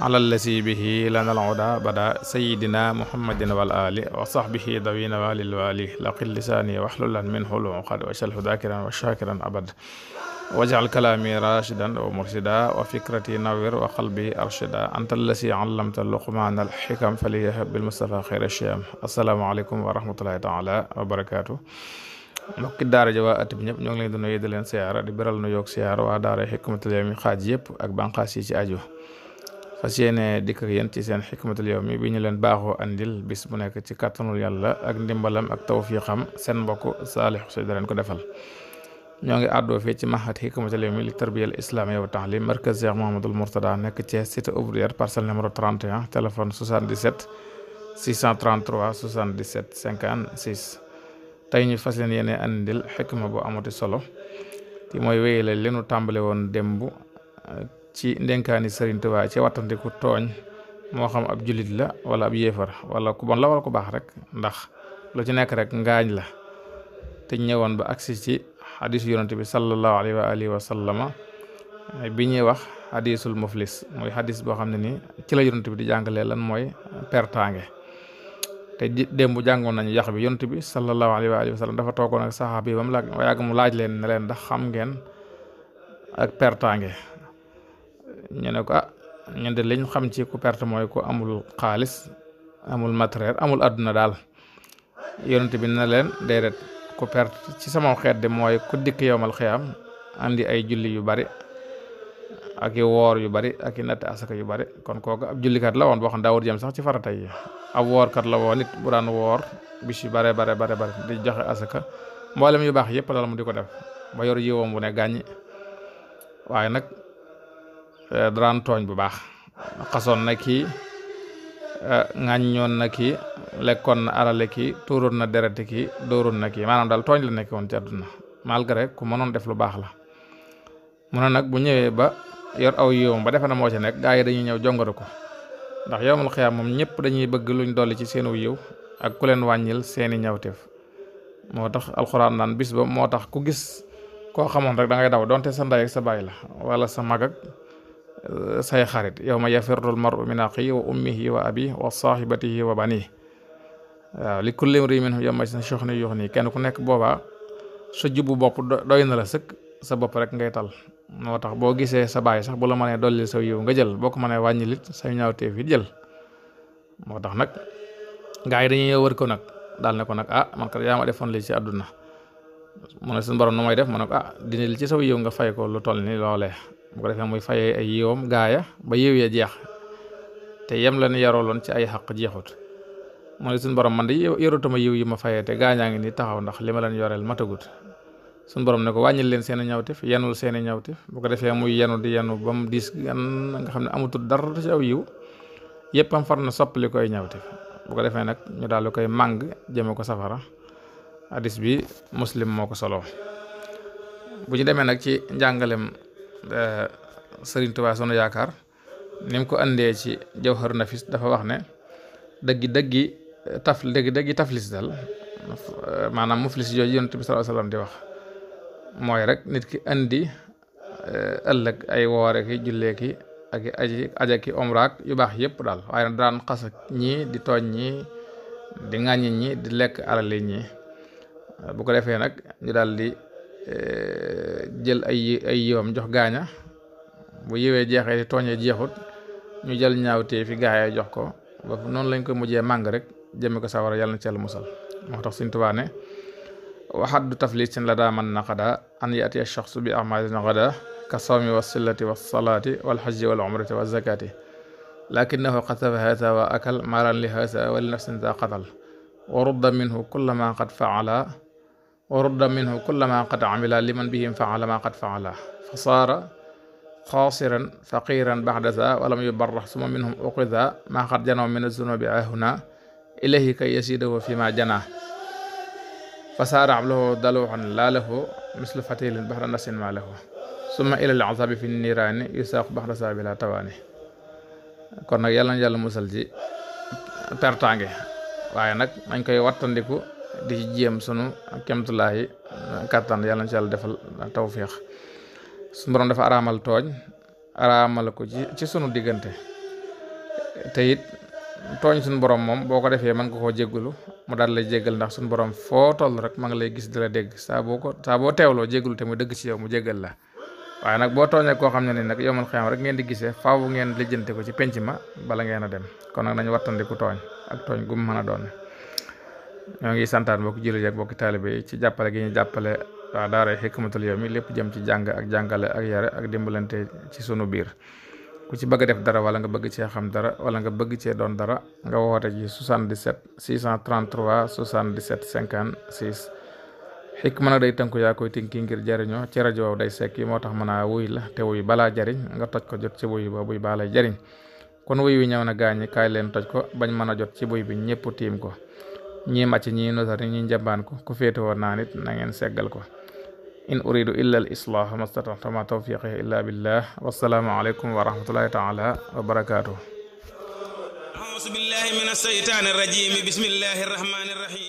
alallasi bihi lanal huda bada sayidina muhammadin wal ali wa sahbihi dawina walil wali laqil lisaani waxlulan min xulu qad wacalhu dakiran wa shakiran abad wajal kalaami rashidan wa mursida wa fikrati nawir wa qalbi arshida anta allasi allamta luqmaan al xikam faliyah bilmustafa xayr ashiyam assalaamu aleykum wa rahmatullahi taala wa barakaatu mbokki daara ja waa at bi ñëpp ñoo ngi leen di nuyu di leen siyaara di beral nu yoog siyaara waa daara xikmatul yawmi xaaj yëpp ak banqaas yi ci aju fas yéene dikk ak ci seen xikmatul yawmi bi ñu leen baaxoo andil bis bu nekk ci kàttanul yàlla ak ndimbalam ak tawfiixam seen mbokk Saalix Xuseyn da leen ko defal ñoo ngi àddoo fii ci mahad xikmatul yawmi li tarbiyal islaamiya wa taalim markaz Cheikh Mouhamadoul Mourtada nekk ci cité ouvrière parcelle numéro 31 téléphone 77 633 77 56 tey ñu fas leen yéene andil xikma bu amati solo ci mooy wéyale li nu tàmbale woon démb ci ndenkaani Sëriñ Tuubaa ci wattandiku tooñ moo xam ab jullit la wala ab yéefar wala ku bon la wala ku baax rek ndax lu ci nekk rek ngaañ la te ñëwoon ba agsi ci xadiis yonante bi sallallahu alayhi wa alihi wa sallama bi ñuy wax xadiisul muflis muy xadiis boo xam ne nii ci la bi di jàngalee lan mooy pertaange te démb jàngoon nañu yax bi yonante bi sallallahu alayhi wa alihi wa sallam dafa toogoon ak saxaaba yi ba mu laaj yàgg mu laaj leen ne leen ndax xam ngeen ak pertaange ñu ne ko ah ñun de liñ xam ci ku mooy ku amul xaalis amul matériel amul àdduna daal yonent bi na leen déedéet ku perte ci sama xeet de mooy ku dikk yowmal xiyaam andi ay julli yu bari ak woor yu bari ak i natt asaka yu bari kon kooku ab jullikat la woon boo xam daawul jëm sax ci farata yi ab woorkat la woon nit bu daan woor bis yu bare bare bare bare di joxe asaka mboolem yu baax yëpp daal mu di ko def ba yor yiwoom bu ne gàññi waaye nag Eh, daraan tooñ bu baax xasoon na ki eh, ŋàññoon na kii lekkoon na arale kii tuuroon na dereti kii dóoroon na kii maanaam daal tooñ la nekk woon ci àdduna malgré ku mënoon def lu baax la mu ne nag bu ñëwee ba yor aw yiwam ba defe na moo ci nekk gaa yi dañuy ñëw jongatu ko ndax yow yowmal xiyaam moom ñëpp dañuy bëgg luñ dolli ci seenu yiw ak ku leen wàññil seeni ñawteef moo tax alxuraan naan bis ba moo tax ku gis koo xamoon rek da daw donte sa ndey ak sa baay la wala sa mag say xarit yawma yafirru al-mar'u min axiihi wa ummihi wa abiihi wa saahibatihi wa baniihi waaw li kulli imri'in minhum yawma idhin sha'nun yughnihi kenn ku nekk boobaa sa jubbu bopp doy na la sëkk sa bopp rek ngay tal moo tax boo gisee sa baay sax bu la mënee dolli sa yiw nga jël boo ko mënee wàññi lit say ñaawteef it moo tax nag gaa yi dañuy wër ko nag daal ne ko nag ah man defoon lii ci àdduna mu ne suñu nu may def ma ne ko ah li ci saw yiw nga fay ko lu toll ni loolee bu ko defee muy fayee ay yiwam gaaya ba yiw ya jeex te yem la ne yarooloon ci ay xaq jeexut mu ne suñ borom man de yorutuma yiw yi ma fayee te gaa ñaa ngi ni taxaw ndax li ma leen yoreel matagut suñ borom ne ko wàññil leen seen i ñawtif yenul seeni i ñawtif bu ko defee muy yenu di yenu ba mu diis gan nga xam ne amatul dara ci aw yiw yëpp am far na soppali koy ñawtif bu ko defee nag ñu daal di koy màng jëme ko safara hadis bi muslim moo ko soloo bu Eh, sëriñ Tuubaa sunu yaakaar ni ko andee ci jawhar nafis dafa wax ne dëggi dëggi eh, taf dëggi dëggi taflis dal eh, maanaam muflis jooju yonent bi sallallahu alayhi di wax mooy rek nit ki andi ëllëg ay woore ki jullee ki ak aji aja ki omraak yu baax yëpp daal waaye nag daan xas ñii di tooñ ñii di ŋàññi ñi di lekk alali ñi bu ko defee nag ñu daal Euh, jël ay ay yiwam jox gaaña bu yiwee jeexee tooñee jeexut ñu jël ñaawtee fi gaaya jox ko ba noonu lañ koy mujjee màng rek jëme ko sawar yàlla na ci musal moo tax Sëriñ Tuubaa ne waxaddu taflisin la daa man na xada an yaatiya shaxsu bi amalin xada ka sawmi wa sillati wa salaati wal xajji wal umrati wa zakati lakinahu xatafa haasa wa akal wa li nafsin daa qatal wa rudda minhu kulla ma qad faala wa rudda minhu kulla ma qad amila liman bihim faala ma qad faala fa saara xaasiran faqiran baxda sa walam yubarrax suma minhum uqida ma qad janaw min azunubi ahuna ilayhi kay yasidahu fi ma jana fa saara ablahu daluxan laa lahu mislu fatilin baxda nasin ma lahu suma ila al azabi sa bila tawaani kon nag yàlla na yàlla musal ci pertaange waaye nag nañ koy di jéem sunu kemtulaayi uh, kàttan yàlla na ci yàlla defal tawféex suñu borom dafa araamal tooñ araamal ko ci ci sunu diggante te it tooñ suñu borom moom boo ko defee mën ko koo jéggulu mu daal lay jéggal ndax suñu borom foo toll rek ma ngi lay gis di dégg saa ko saa boo teewloo jéggulu te mu dëgg ci yow mu jéggal la waaye nag boo tooñee koo xam ne ni nag yomal xiyam rek ngeen di gisee faaw ngeen lijjante ko ci pénc ma bala ngeen a dem kon nag nañu wattandiku tooñ ak tooñ gum mën a doon ñoo ngi santaan boo ko jullit ak mbokki taalibe yi ci jàppale gi ñu jàppale waa daara Hikmatul Yawmi lépp jëm ci jàng ak jàngale ak yare ak dimbalante ci sunu biir ku ci bëgg def dara wala nga bëgg cee xam dara wala nga bëgg cee doon dara nga woote ci 77 633 77 56 mën a day tënku yaa koy tinki ngir jariñoo ci rajo waaw day sekki moo tax mën a wuy la te wuy balaa jariñ nga toj ko jot ci wuy ba buy jariñ kon wuy wi ñëw na gaañi kaay leen toj ko bañ mën a jot ci buy bi ñëpp tiim ko ñii màcc ñii nosar ñii njambaan ko ku féete woon naa nit na ngeen seggal ko in uridu illa al islaah mastata'tu ma tawfiqi illa billah wassalaamu aleykum wa rahmatullahi taala wa